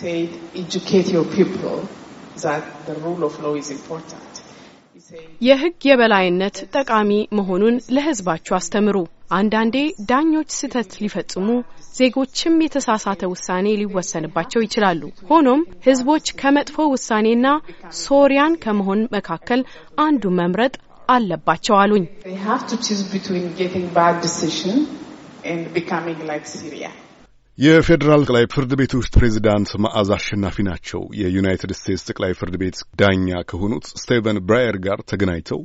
said, educate your people that the rule of law is important. የህግ የበላይነት ጠቃሚ መሆኑን ለህዝባችሁ አስተምሩ። አንዳንዴ ዳኞች ስህተት ሊፈጽሙ፣ ዜጎችም የተሳሳተ ውሳኔ ሊወሰንባቸው ይችላሉ። ሆኖም ህዝቦች ከመጥፎ ውሳኔና ሶሪያን ከመሆን መካከል አንዱ መምረጥ አለባቸው አሉኝ። የፌዴራል ጠቅላይ ፍርድ ቤት ውስጥ ፕሬዚዳንት መዓዝ አሸናፊ ናቸው። የዩናይትድ ስቴትስ ጠቅላይ ፍርድ ቤት ዳኛ ከሆኑት ስቴቨን ብራየር ጋር ተገናኝተው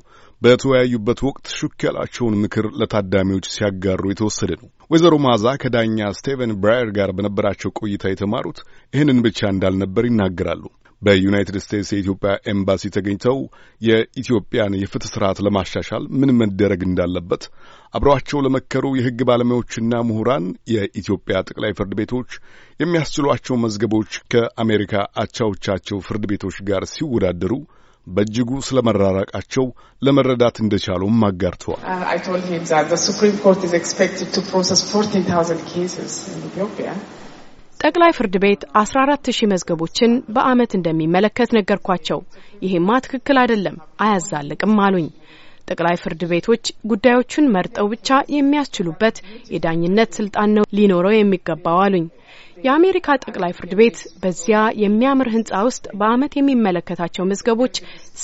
በተወያዩበት ወቅት ሹክ ያላቸውን ምክር ለታዳሚዎች ሲያጋሩ የተወሰደ ነው። ወይዘሮ መዓዛ ከዳኛ ስቴቨን ብራየር ጋር በነበራቸው ቆይታ የተማሩት ይህንን ብቻ እንዳልነበር ይናገራሉ። በዩናይትድ ስቴትስ የኢትዮጵያ ኤምባሲ ተገኝተው የኢትዮጵያን የፍትህ ስርዓት ለማሻሻል ምን መደረግ እንዳለበት አብረዋቸው ለመከሩ የህግ ባለሙያዎችና ምሁራን የኢትዮጵያ ጠቅላይ ፍርድ ቤቶች የሚያስችሏቸው መዝገቦች ከአሜሪካ አቻዎቻቸው ፍርድ ቤቶች ጋር ሲወዳደሩ በእጅጉ ስለ መራራቃቸው ለመረዳት እንደቻሉም አጋርተዋል። uh, ጠቅላይ ፍርድ ቤት 14000 መዝገቦችን በአመት እንደሚመለከት ነገርኳቸው። ይሄማ ትክክል አይደለም፣ አያዛልቅም አሉኝ። ጠቅላይ ፍርድ ቤቶች ጉዳዮቹን መርጠው ብቻ የሚያስችሉበት የዳኝነት ስልጣን ነው ሊኖረው የሚገባው አሉኝ። የአሜሪካ ጠቅላይ ፍርድ ቤት በዚያ የሚያምር ህንፃ ውስጥ በአመት የሚመለከታቸው መዝገቦች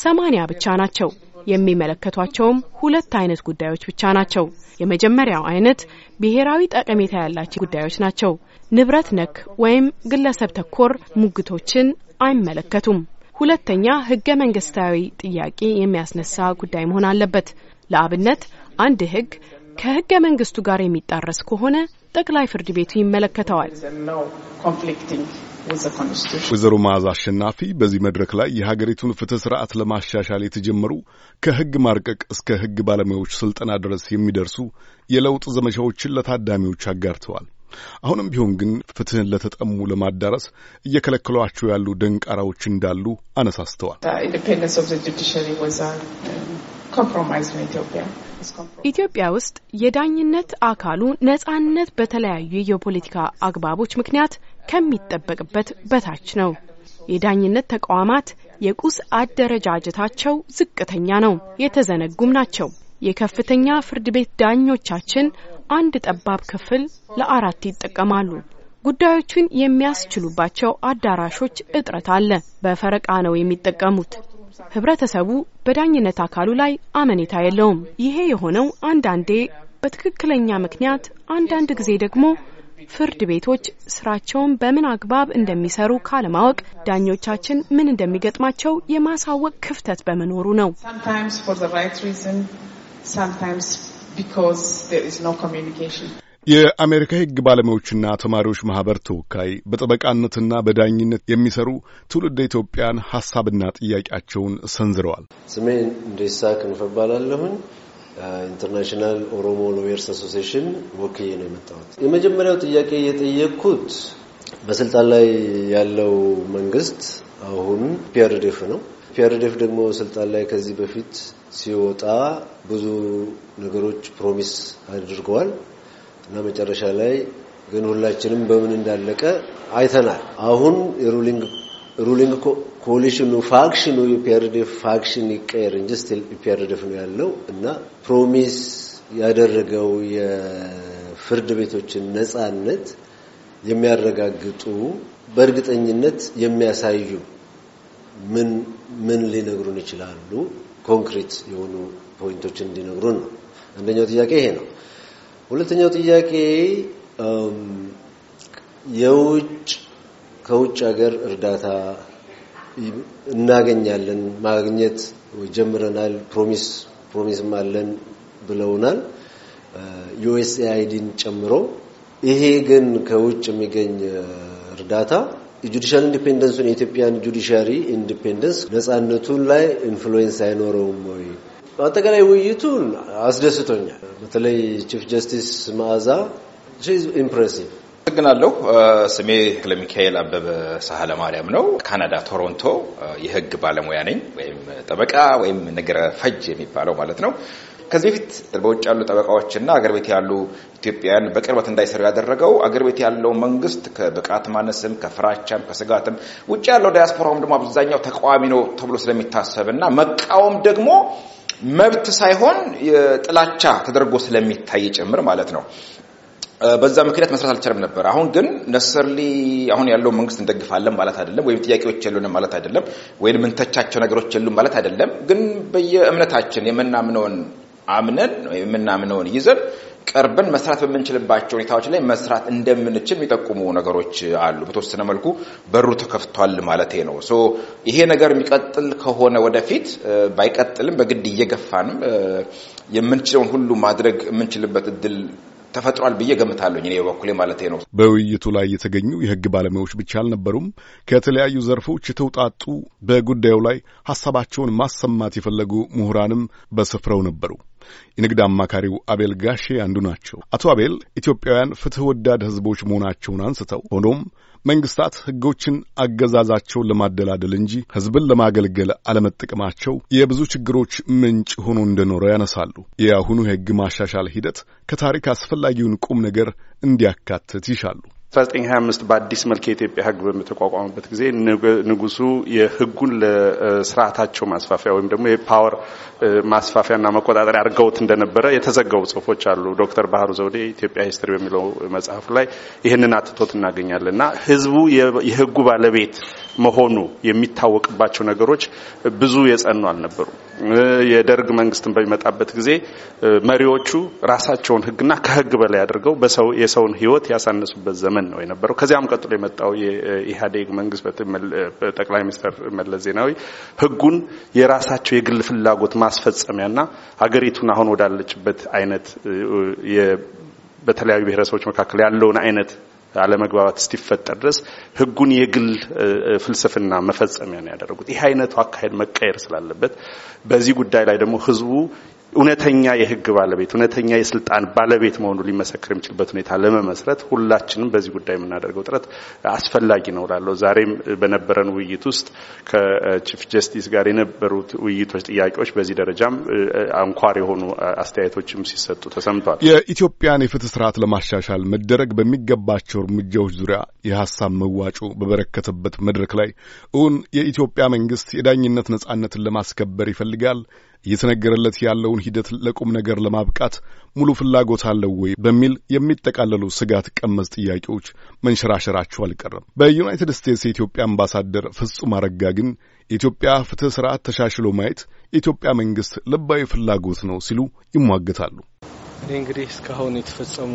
ሰማንያ ብቻ ናቸው። የሚመለከቷቸውም ሁለት አይነት ጉዳዮች ብቻ ናቸው። የመጀመሪያው አይነት ብሔራዊ ጠቀሜታ ያላቸው ጉዳዮች ናቸው። ንብረት ነክ ወይም ግለሰብ ተኮር ሙግቶችን አይመለከቱም። ሁለተኛ ህገ መንግስታዊ ጥያቄ የሚያስነሳ ጉዳይ መሆን አለበት። ለአብነት አንድ ህግ ከህገ መንግስቱ ጋር የሚጣረስ ከሆነ ጠቅላይ ፍርድ ቤቱ ይመለከተዋል። ወይዘሮ መዓዛ አሸናፊ በዚህ መድረክ ላይ የሀገሪቱን ፍትህ ስርዓት ለማሻሻል የተጀመሩ ከህግ ማርቀቅ እስከ ህግ ባለሙያዎች ስልጠና ድረስ የሚደርሱ የለውጥ ዘመቻዎችን ለታዳሚዎች አጋርተዋል። አሁንም ቢሆን ግን ፍትህን ለተጠሙ ለማዳረስ እየከለከሏቸው ያሉ ደንቃራዎች እንዳሉ አነሳስተዋል። um, ኢትዮጵያ ውስጥ የዳኝነት አካሉ ነጻነት በተለያዩ የፖለቲካ አግባቦች ምክንያት ከሚጠበቅበት በታች ነው። የዳኝነት ተቋማት የቁስ አደረጃጀታቸው ዝቅተኛ ነው፣ የተዘነጉም ናቸው። የከፍተኛ ፍርድ ቤት ዳኞቻችን አንድ ጠባብ ክፍል ለአራት ይጠቀማሉ። ጉዳዮቹን የሚያስችሉባቸው አዳራሾች እጥረት አለ። በፈረቃ ነው የሚጠቀሙት። ህብረተሰቡ በዳኝነት አካሉ ላይ አመኔታ የለውም። ይሄ የሆነው አንዳንዴ በትክክለኛ ምክንያት፣ አንዳንድ ጊዜ ደግሞ ፍርድ ቤቶች ስራቸውን በምን አግባብ እንደሚሰሩ ካለማወቅ፣ ዳኞቻችን ምን እንደሚገጥማቸው የማሳወቅ ክፍተት በመኖሩ ነው። የአሜሪካ የሕግ ባለሙያዎችና ተማሪዎች ማህበር ተወካይ በጠበቃነትና በዳኝነት የሚሰሩ ትውልደ ኢትዮጵያን ሀሳብና ጥያቄያቸውን ሰንዝረዋል። ስሜ እንዴሳ ክንፈ ኢንተርናሽናል ኦሮሞ ሎየርስ አሶሲሽን ወክዬ ነው የመጣሁት። የመጀመሪያው ጥያቄ የጠየቅኩት በስልጣን ላይ ያለው መንግስት አሁን ፒአርዲኤፍ ነው ፒያርደፍ ደግሞ ስልጣን ላይ ከዚህ በፊት ሲወጣ ብዙ ነገሮች ፕሮሚስ አድርገዋል እና መጨረሻ ላይ ግን ሁላችንም በምን እንዳለቀ አይተናል። አሁን የሩሊንግ ሩሊንግ ኮሊሽኑ ፋክሽኑ የፒአርዲኤፍ ፋክሽን ይቀየር እንጂ ስቲል ፒአርዲኤፍ ነው ያለው እና ፕሮሚስ ያደረገው የፍርድ ቤቶችን ነጻነት የሚያረጋግጡ በእርግጠኝነት የሚያሳዩ ምን ምን ሊነግሩን ይችላሉ? ኮንክሪት የሆኑ ፖይንቶችን እንዲነግሩን ነው። አንደኛው ጥያቄ ይሄ ነው። ሁለተኛው ጥያቄ የውጭ ከውጭ ሀገር እርዳታ እናገኛለን ማግኘት ጀምረናል፣ ፕሮሚስ ፕሮሚስም አለን ብለውናል ዩኤስኤአይዲን ጨምሮ። ይሄ ግን ከውጭ የሚገኝ እርዳታ የጁዲሻል ኢንዲፔንደንሱን የኢትዮጵያን ጁዲሻሪ ኢንዲፔንደንስ ነጻነቱን ላይ ኢንፍሉዌንስ አይኖረውም ወይ? አጠቃላይ ውይይቱን አስደስቶኛል። በተለይ ቺፍ ጀስቲስ መዓዛ ኢምፕሬሲቭ። አመሰግናለሁ። ስሜ ለሚካኤል አበበ ሳህለ ማርያም ነው። ካናዳ ቶሮንቶ የህግ ባለሙያ ነኝ፣ ወይም ጠበቃ ወይም ንግረ ፈጅ የሚባለው ማለት ነው። ከዚህ በፊት በውጭ ያሉ ጠበቃዎችና አገር ቤት ያሉ ኢትዮጵያውያን በቅርበት እንዳይሰሩ ያደረገው አገር ቤት ያለው መንግስት ከብቃት ማነስም ከፍራቻም ከስጋትም ውጭ ያለው ዳያስፖራውም ደግሞ አብዛኛው ተቃዋሚ ነው ተብሎ ስለሚታሰብና መቃወም ደግሞ መብት ሳይሆን ጥላቻ ተደርጎ ስለሚታይ ጭምር ማለት ነው። በዛ ምክንያት መስራት አልቻለም ነበር። አሁን ግን ነሰርሊ አሁን ያለው መንግስት እንደግፋለን ማለት አይደለም፣ ወይም ጥያቄዎች የሉንም ማለት አይደለም፣ ወይም እንተቻቸው ነገሮች የሉም ማለት አይደለም። ግን በየእምነታችን የምናምነውን አምነን የምናምነውን ይዘን ቀርበን መስራት በምንችልባቸው ሁኔታዎች ላይ መስራት እንደምንችል የሚጠቁሙ ነገሮች አሉ። በተወሰነ መልኩ በሩ ተከፍቷል ማለት ነው። ሶ ይሄ ነገር የሚቀጥል ከሆነ ወደፊት ባይቀጥልም በግድ እየገፋንም የምንችለውን ሁሉ ማድረግ የምንችልበት እድል ተፈጥሯል ብዬ ገምታለሁ። እኔ በኩሌ ማለት ነው። በውይይቱ ላይ የተገኙ የህግ ባለሙያዎች ብቻ አልነበሩም። ከተለያዩ ዘርፎች የተውጣጡ በጉዳዩ ላይ ሀሳባቸውን ማሰማት የፈለጉ ምሁራንም በስፍራው ነበሩ። የንግድ አማካሪው አቤል ጋሼ አንዱ ናቸው። አቶ አቤል ኢትዮጵያውያን ፍትህ ወዳድ ህዝቦች መሆናቸውን አንስተው ሆኖም መንግስታት ህጎችን አገዛዛቸውን ለማደላደል እንጂ ህዝብን ለማገልገል አለመጠቀማቸው የብዙ ችግሮች ምንጭ ሆኖ እንደኖረ ያነሳሉ። የአሁኑ የህግ ማሻሻል ሂደት ከታሪክ አስፈላጊውን ቁም ነገር እንዲያካትት ይሻሉ። 1925 በአዲስ መልክ የኢትዮጵያ ሕግ በተቋቋመበት ጊዜ ንጉሱ የሕጉን ለስርዓታቸው ማስፋፊያ ወይም ደግሞ የፓወር ማስፋፊያና መቆጣጠሪያ አድርገውት እንደነበረ የተዘገቡ ጽሁፎች አሉ። ዶክተር ባህሩ ዘውዴ ኢትዮጵያ ሂስትሪ በሚለው መጽሐፉ ላይ ይህንን አትቶት እናገኛለን እና ህዝቡ የሕጉ ባለቤት መሆኑ የሚታወቅባቸው ነገሮች ብዙ የጸኑ አልነበሩ። የደርግ መንግስትን በሚመጣበት ጊዜ መሪዎቹ ራሳቸውን ህግና ከህግ በላይ አድርገው በሰው የሰውን ህይወት ያሳነሱበት ዘመን ነው የነበረው። ከዚያም ቀጥሎ የመጣው የኢህአዴግ መንግስት ጠቅላይ ሚኒስትር መለስ ዜናዊ ህጉን የራሳቸው የግል ፍላጎት ማስፈጸሚያና ሀገሪቱን አሁን ወዳለችበት አይነት በተለያዩ ብሔረሰቦች መካከል ያለውን አይነት አለመግባባት እስቲፈጠር ድረስ ህጉን የግል ፍልስፍና መፈጸሚያ ነው ያደረጉት። ይህ አይነቱ አካሄድ መቀየር ስላለበት በዚህ ጉዳይ ላይ ደግሞ ህዝቡ እውነተኛ የህግ ባለቤት እውነተኛ የስልጣን ባለቤት መሆኑ ሊመሰክር የሚችልበት ሁኔታ ለመመስረት ሁላችንም በዚህ ጉዳይ የምናደርገው ጥረት አስፈላጊ ነው ላለው ዛሬም በነበረን ውይይት ውስጥ ከቺፍ ጀስቲስ ጋር የነበሩት ውይይቶች፣ ጥያቄዎች በዚህ ደረጃም አንኳር የሆኑ አስተያየቶችም ሲሰጡ ተሰምቷል። የኢትዮጵያን የፍትህ ስርዓት ለማሻሻል መደረግ በሚገባቸው እርምጃዎች ዙሪያ የሀሳብ መዋጮ በበረከተበት መድረክ ላይ እውን የኢትዮጵያ መንግስት የዳኝነት ነጻነትን ለማስከበር ይፈልጋል እየተነገረለት ያለውን ሂደት ለቁም ነገር ለማብቃት ሙሉ ፍላጎት አለው ወይ በሚል የሚጠቃለሉ ስጋት ቀመስ ጥያቄዎች መንሸራሸራቸው አልቀረም። በዩናይትድ ስቴትስ የኢትዮጵያ አምባሳደር ፍጹም አረጋ ግን የኢትዮጵያ ፍትህ ስርዓት ተሻሽሎ ማየት የኢትዮጵያ መንግስት ልባዊ ፍላጎት ነው ሲሉ ይሟገታሉ። እኔ እንግዲህ እስካሁን የተፈጸሙ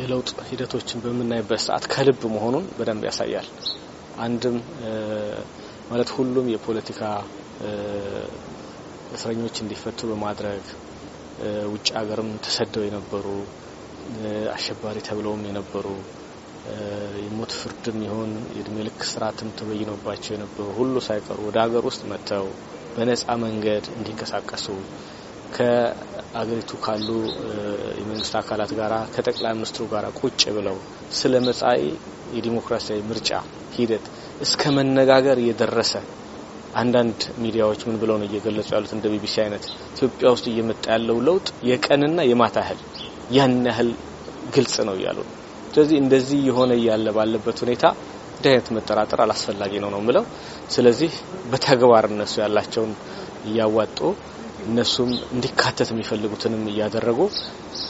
የለውጥ ሂደቶችን በምናይበት ሰዓት ከልብ መሆኑን በደንብ ያሳያል። አንድም ማለት ሁሉም የፖለቲካ እስረኞች እንዲፈቱ በማድረግ ውጭ ሀገርም ተሰደው የነበሩ አሸባሪ ተብለውም የነበሩ የሞት ፍርድም ይሁን የእድሜ ልክ ስርዓትም ተበይኖባቸው የነበሩ ሁሉ ሳይቀሩ ወደ ሀገር ውስጥ መጥተው በነጻ መንገድ እንዲንቀሳቀሱ ከአገሪቱ ካሉ የመንግስት አካላት ጋር ከጠቅላይ ሚኒስትሩ ጋር ቁጭ ብለው ስለ መጻኢ የዲሞክራሲያዊ ምርጫ ሂደት እስከ መነጋገር የደረሰ አንዳንድ ሚዲያዎች ምን ብለው ነው እየገለጹ ያሉት? እንደ ቢቢሲ አይነት ኢትዮጵያ ውስጥ እየመጣ ያለው ለውጥ የቀንና የማታ ያህል ያን ያህል ግልጽ ነው እያሉ ነው። ስለዚህ እንደዚህ የሆነ እያለ ባለበት ሁኔታ እንዲህ አይነት መጠራጠር አላስፈላጊ ነው ነው ምለው። ስለዚህ በተግባር እነሱ ያላቸውን እያዋጡ እነሱም እንዲካተት የሚፈልጉትንም እያደረጉ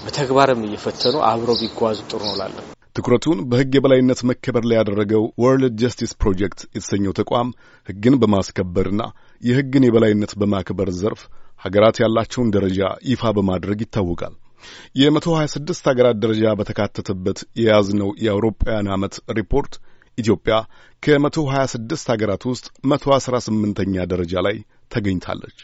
በተግባርም እየፈተኑ አብረው ቢጓዙ ጥሩ ነው ላለሁ ትኩረቱን በሕግ የበላይነት መከበር ላይ ያደረገው ወርልድ ጀስቲስ ፕሮጀክት የተሰኘው ተቋም ሕግን በማስከበርና የሕግን የበላይነት በማክበር ዘርፍ ሀገራት ያላቸውን ደረጃ ይፋ በማድረግ ይታወቃል። የመቶ የ126 ሀገራት ደረጃ በተካተተበት የያዝነው የአውሮፓውያን ዓመት ሪፖርት ኢትዮጵያ ከመቶ 126 ሀገራት ውስጥ መቶ ኛ ደረጃ ላይ ተገኝታለች።